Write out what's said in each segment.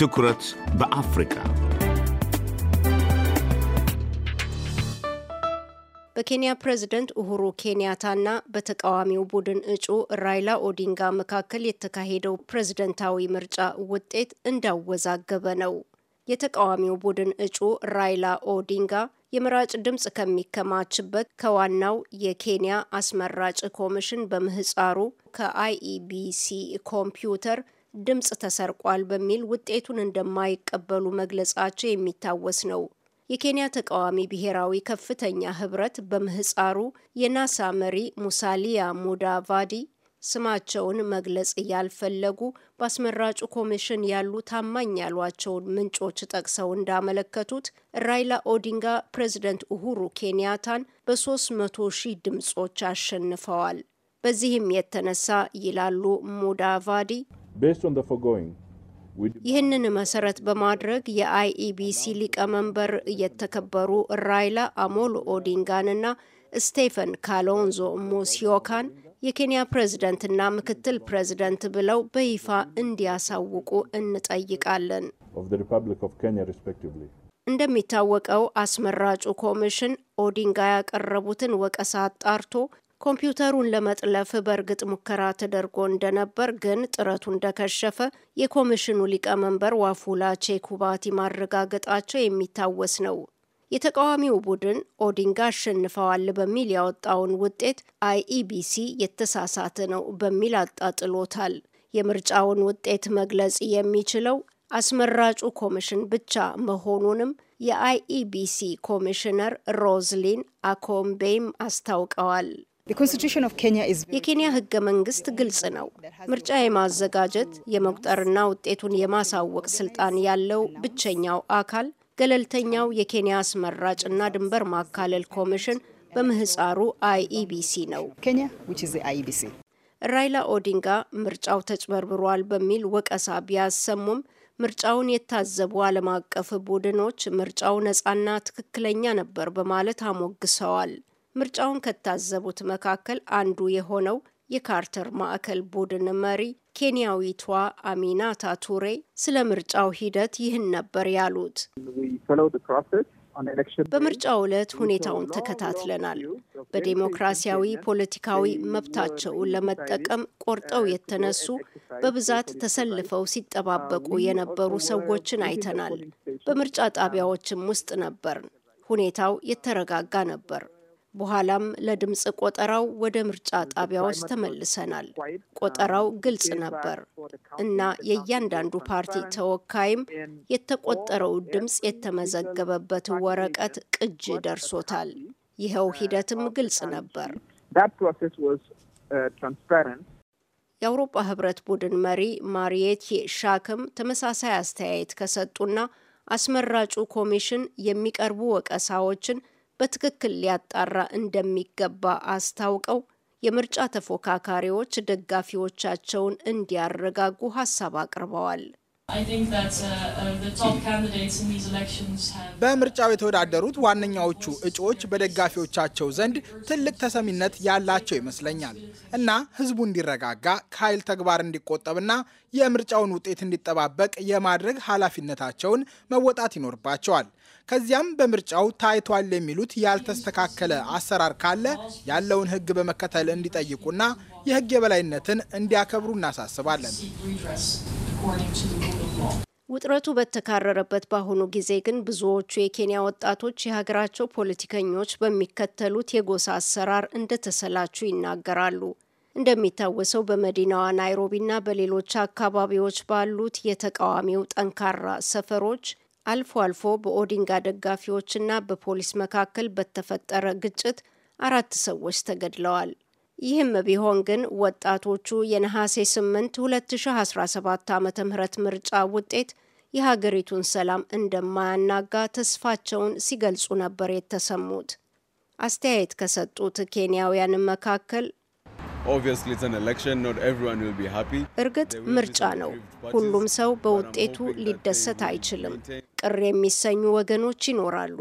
ትኩረት በአፍሪካ በኬንያ ፕሬዝደንት ኡሁሩ ኬንያታና በተቃዋሚው ቡድን እጩ ራይላ ኦዲንጋ መካከል የተካሄደው ፕሬዝደንታዊ ምርጫ ውጤት እንዳወዛገበ ነው። የተቃዋሚው ቡድን እጩ ራይላ ኦዲንጋ የመራጭ ድምፅ ከሚከማችበት ከዋናው የኬንያ አስመራጭ ኮሚሽን በምህፃሩ ከአይኢቢሲ ኮምፒውተር ድምፅ ተሰርቋል በሚል ውጤቱን እንደማይቀበሉ መግለጻቸው የሚታወስ ነው። የኬንያ ተቃዋሚ ብሔራዊ ከፍተኛ ህብረት በምህፃሩ የናሳ መሪ ሙሳሊያ ሙዳቫዲ ስማቸውን መግለጽ ያልፈለጉ በአስመራጩ ኮሚሽን ያሉ ታማኝ ያሏቸውን ምንጮች ጠቅሰው እንዳመለከቱት ራይላ ኦዲንጋ ፕሬዚደንት ኡሁሩ ኬንያታን በ 300 ሺህ ድምጾች አሸንፈዋል። በዚህም የተነሳ ይላሉ ሙዳቫዲ ይህንን መሰረት በማድረግ የአይኢቢሲ ሊቀመንበር የተከበሩ ራይላ አሞሎ ኦዲንጋንና ስቴፈን ካሎንዞ ሙሲዮካን የኬንያ ፕሬዝደንትና ምክትል ፕሬዝደንት ብለው በይፋ እንዲያሳውቁ እንጠይቃለን። እንደሚታወቀው አስመራጩ ኮሚሽን ኦዲንጋ ያቀረቡትን ወቀሳ አጣርቶ ኮምፒውተሩን ለመጥለፍ በእርግጥ ሙከራ ተደርጎ እንደነበር ግን ጥረቱ እንደከሸፈ የኮሚሽኑ ሊቀመንበር ዋፉላ ቼኩባቲ ማረጋገጣቸው የሚታወስ ነው። የተቃዋሚው ቡድን ኦዲንጋ አሸንፈዋል በሚል ያወጣውን ውጤት አይኢቢሲ የተሳሳተ ነው በሚል አጣጥሎታል። የምርጫውን ውጤት መግለጽ የሚችለው አስመራጩ ኮሚሽን ብቻ መሆኑንም የአይኢቢሲ ኮሚሽነር ሮዝሊን አኮምቤም አስታውቀዋል። የኬንያ ህገ መንግስት ግልጽ ነው። ምርጫ የማዘጋጀት የመቁጠርና ውጤቱን የማሳወቅ ስልጣን ያለው ብቸኛው አካል ገለልተኛው የኬንያ አስመራጭና ድንበር ማካለል ኮሚሽን በምህፃሩ አይኢቢሲ e ነው። e ራይላ ኦዲንጋ ምርጫው ተጭበርብሯል በሚል ወቀሳ ቢያሰሙም ምርጫውን የታዘቡ ዓለም አቀፍ ቡድኖች ምርጫው ነፃና ትክክለኛ ነበር በማለት አሞግሰዋል። ምርጫውን ከታዘቡት መካከል አንዱ የሆነው የካርተር ማዕከል ቡድን መሪ ኬንያዊቷ አሚናታ ቱሬ ስለ ምርጫው ሂደት ይህን ነበር ያሉት። በምርጫው ዕለት ሁኔታውን ተከታትለናል። በዴሞክራሲያዊ ፖለቲካዊ መብታቸውን ለመጠቀም ቆርጠው የተነሱ በብዛት ተሰልፈው ሲጠባበቁ የነበሩ ሰዎችን አይተናል። በምርጫ ጣቢያዎችም ውስጥ ነበርን። ሁኔታው የተረጋጋ ነበር። በኋላም ለድምፅ ቆጠራው ወደ ምርጫ ጣቢያዎች ተመልሰናል። ቆጠራው ግልጽ ነበር እና የእያንዳንዱ ፓርቲ ተወካይም የተቆጠረው ድምፅ የተመዘገበበት ወረቀት ቅጅ ደርሶታል። ይኸው ሂደትም ግልጽ ነበር። uh, የአውሮፓ ህብረት ቡድን መሪ ማሪየት ሻክም ተመሳሳይ አስተያየት ከሰጡና አስመራጩ ኮሚሽን የሚቀርቡ ወቀሳዎችን በትክክል ሊያጣራ እንደሚገባ አስታውቀው የምርጫ ተፎካካሪዎች ደጋፊዎቻቸውን እንዲያረጋጉ ሀሳብ አቅርበዋል። Uh, uh, በምርጫው የተወዳደሩት ዋነኛዎቹ እጩዎች በደጋፊዎቻቸው ዘንድ ትልቅ ተሰሚነት ያላቸው ይመስለኛል እና ሕዝቡ እንዲረጋጋ ከኃይል ተግባር እንዲቆጠብና የምርጫውን ውጤት እንዲጠባበቅ የማድረግ ኃላፊነታቸውን መወጣት ይኖርባቸዋል። ከዚያም በምርጫው ታይቷል የሚሉት ያልተስተካከለ አሰራር ካለ ያለውን ሕግ በመከተል እንዲጠይቁና የሕግ የበላይነትን እንዲያከብሩ እናሳስባለን። ውጥረቱ በተካረረበት በአሁኑ ጊዜ ግን ብዙዎቹ የኬንያ ወጣቶች የሀገራቸው ፖለቲከኞች በሚከተሉት የጎሳ አሰራር እንደተሰላቹ ይናገራሉ። እንደሚታወሰው በመዲናዋ ናይሮቢና በሌሎች አካባቢዎች ባሉት የተቃዋሚው ጠንካራ ሰፈሮች አልፎ አልፎ በኦዲንጋ ደጋፊዎችና በፖሊስ መካከል በተፈጠረ ግጭት አራት ሰዎች ተገድለዋል። ይህም ቢሆን ግን ወጣቶቹ የነሐሴ 8 2017 ዓ ም ምርጫ ውጤት የሀገሪቱን ሰላም እንደማያናጋ ተስፋቸውን ሲገልጹ ነበር የተሰሙት። አስተያየት ከሰጡት ኬንያውያን መካከል እርግጥ ምርጫ ነው፣ ሁሉም ሰው በውጤቱ ሊደሰት አይችልም። ቅር የሚሰኙ ወገኖች ይኖራሉ።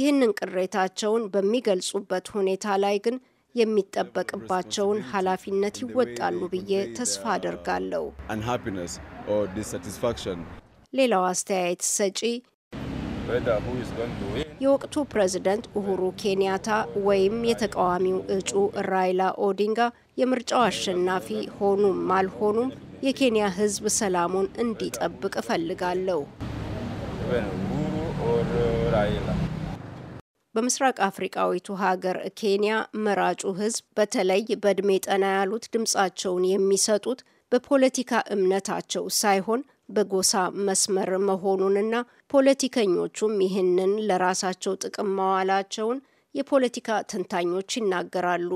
ይህንን ቅሬታቸውን በሚገልጹበት ሁኔታ ላይ ግን የሚጠበቅባቸውን ኃላፊነት ይወጣሉ ብዬ ተስፋ አደርጋለሁ። ሌላው አስተያየት ሰጪ የወቅቱ ፕሬዝደንት ኡሁሩ ኬንያታ ወይም የተቃዋሚው እጩ ራይላ ኦዲንጋ የምርጫው አሸናፊ ሆኑም አልሆኑም የኬንያ ሕዝብ ሰላሙን እንዲጠብቅ እፈልጋለሁ። በምስራቅ አፍሪቃዊቱ ሀገር ኬንያ መራጩ ህዝብ በተለይ በእድሜ ጠና ያሉት ድምፃቸውን የሚሰጡት በፖለቲካ እምነታቸው ሳይሆን በጎሳ መስመር መሆኑንና ፖለቲከኞቹም ይህንን ለራሳቸው ጥቅም ማዋላቸውን የፖለቲካ ተንታኞች ይናገራሉ።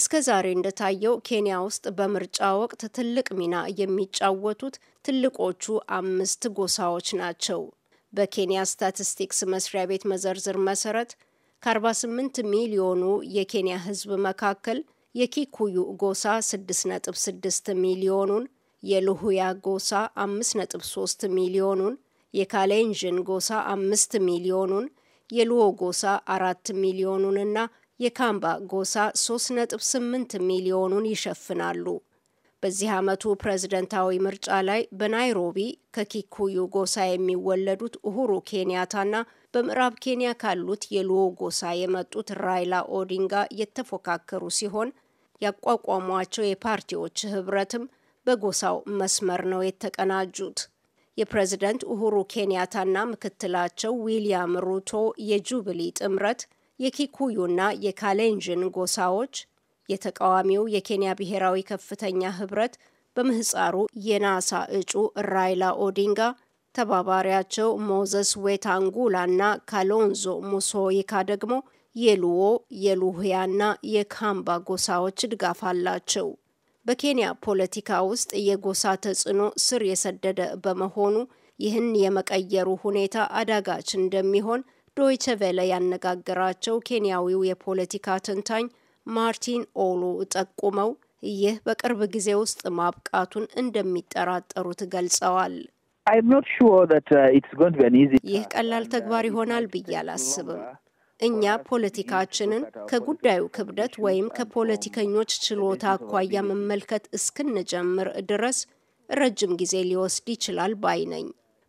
እስከ ዛሬ እንደታየው ኬንያ ውስጥ በምርጫ ወቅት ትልቅ ሚና የሚጫወቱት ትልቆቹ አምስት ጎሳዎች ናቸው። በኬንያ ስታቲስቲክስ መስሪያ ቤት መዘርዝር መሰረት ከ48 ሚሊዮኑ የኬንያ ሕዝብ መካከል የኪኩዩ ጎሳ 6.6 ሚሊዮኑን፣ የልሁያ ጎሳ 5.3 ሚሊዮኑን፣ የካሌንዥን ጎሳ 5 ሚሊዮኑን፣ የልዎ ጎሳ 4 ሚሊዮኑንና የካምባ ጎሳ 3.8 ሚሊዮኑን ይሸፍናሉ። በዚህ ዓመቱ ፕሬዝደንታዊ ምርጫ ላይ በናይሮቢ ከኪኩዩ ጎሳ የሚወለዱት ኡሁሩ ኬንያታና በምዕራብ ኬንያ ካሉት የሉዎ ጎሳ የመጡት ራይላ ኦዲንጋ የተፎካከሩ ሲሆን ያቋቋሟቸው የፓርቲዎች ህብረትም በጎሳው መስመር ነው የተቀናጁት። የፕሬዝደንት ኡሁሩ ኬንያታና ምክትላቸው ዊልያም ሩቶ የጁብሊ ጥምረት የኪኩዩና የካሌንጅን ጎሳዎች የተቃዋሚው የኬንያ ብሔራዊ ከፍተኛ ህብረት በምህፃሩ የናሳ እጩ ራይላ ኦዲንጋ ተባባሪያቸው ሞዘስ ዌታንጉላ እና ካሎንዞ ሙሶይካ ደግሞ የሉዎ የሉህያና የካምባ ጎሳዎች ድጋፍ አላቸው። በኬንያ ፖለቲካ ውስጥ የጎሳ ተጽዕኖ ስር የሰደደ በመሆኑ ይህን የመቀየሩ ሁኔታ አዳጋች እንደሚሆን ዶይቸ ቬለ ያነጋገራቸው ኬንያዊው የፖለቲካ ተንታኝ ማርቲን ኦሉ ጠቁመው ይህ በቅርብ ጊዜ ውስጥ ማብቃቱን እንደሚጠራጠሩት ገልጸዋል። uh, ይህ ቀላል ተግባር ይሆናል ብዬ አላስብም። እኛ ፖለቲካችንን ከጉዳዩ ክብደት ወይም ከፖለቲከኞች ችሎታ አኳያ መመልከት እስክንጀምር ድረስ ረጅም ጊዜ ሊወስድ ይችላል ባይ ነኝ።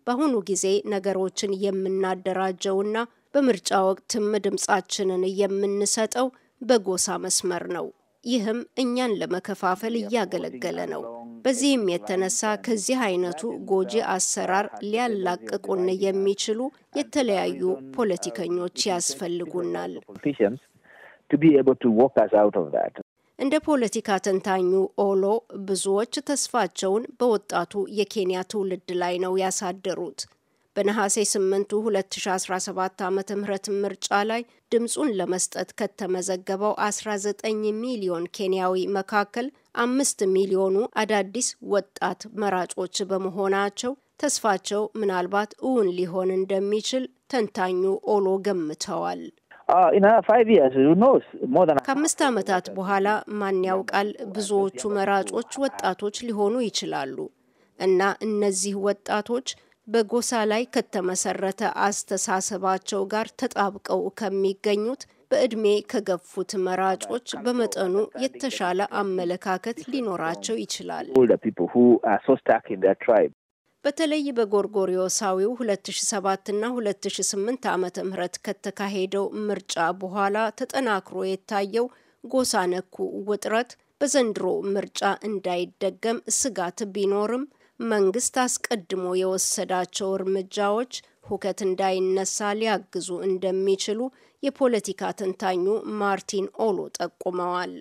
በአሁኑ ጊዜ ነገሮችን የምናደራጀውና በምርጫ ወቅትም ድምጻችንን የምንሰጠው በጎሳ መስመር ነው። ይህም እኛን ለመከፋፈል እያገለገለ ነው። በዚህም የተነሳ ከዚህ አይነቱ ጎጂ አሰራር ሊያላቅቁን የሚችሉ የተለያዩ ፖለቲከኞች ያስፈልጉናል። እንደ ፖለቲካ ተንታኙ ኦሎ ብዙዎች ተስፋቸውን በወጣቱ የኬንያ ትውልድ ላይ ነው ያሳደሩት። በነሐሴ 8 2017 ዓ ም ምርጫ ላይ ድምፁን ለመስጠት ከተመዘገበው 19 ሚሊዮን ኬንያዊ መካከል አምስት ሚሊዮኑ አዳዲስ ወጣት መራጮች በመሆናቸው ተስፋቸው ምናልባት እውን ሊሆን እንደሚችል ተንታኙ ኦሎ ገምተዋል። uh, uh, ከአምስት ዓመታት በኋላ ማን ያውቃል፣ ብዙዎቹ መራጮች ወጣቶች ሊሆኑ ይችላሉ እና እነዚህ ወጣቶች በጎሳ ላይ ከተመሰረተ አስተሳሰባቸው ጋር ተጣብቀው ከሚገኙት በእድሜ ከገፉት መራጮች በመጠኑ የተሻለ አመለካከት ሊኖራቸው ይችላል። በተለይ በጎርጎሪዮሳዊው 2007ና 2008 ዓመተ ምህረት ከተካሄደው ምርጫ በኋላ ተጠናክሮ የታየው ጎሳ ነኩ ውጥረት በዘንድሮ ምርጫ እንዳይደገም ስጋት ቢኖርም መንግስት አስቀድሞ የወሰዳቸው እርምጃዎች ሁከት እንዳይነሳ ሊያግዙ እንደሚችሉ የፖለቲካ ተንታኙ ማርቲን ኦሎ ጠቁመዋል።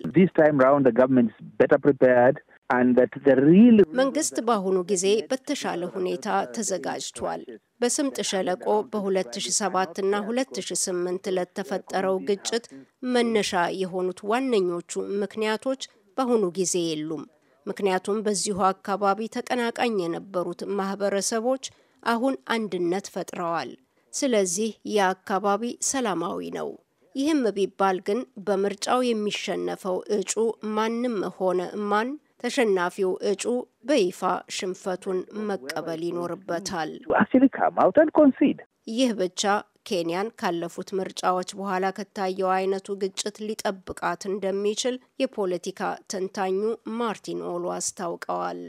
መንግስት በአሁኑ ጊዜ በተሻለ ሁኔታ ተዘጋጅቷል። በስምጥ ሸለቆ በ2007 እና 2008 ለተፈጠረው ግጭት መነሻ የሆኑት ዋነኞቹ ምክንያቶች በአሁኑ ጊዜ የሉም። ምክንያቱም በዚሁ አካባቢ ተቀናቃኝ የነበሩት ማህበረሰቦች አሁን አንድነት ፈጥረዋል። ስለዚህ የአካባቢ ሰላማዊ ነው። ይህም ቢባል ግን በምርጫው የሚሸነፈው እጩ ማንም ሆነ ማን ተሸናፊው እጩ በይፋ ሽንፈቱን መቀበል ይኖርበታል። ይህ ብቻ ኬንያን ካለፉት ምርጫዎች በኋላ ከታየው አይነቱ ግጭት ሊጠብቃት እንደሚችል የፖለቲካ ተንታኙ ማርቲን ኦሉ አስታውቀዋል።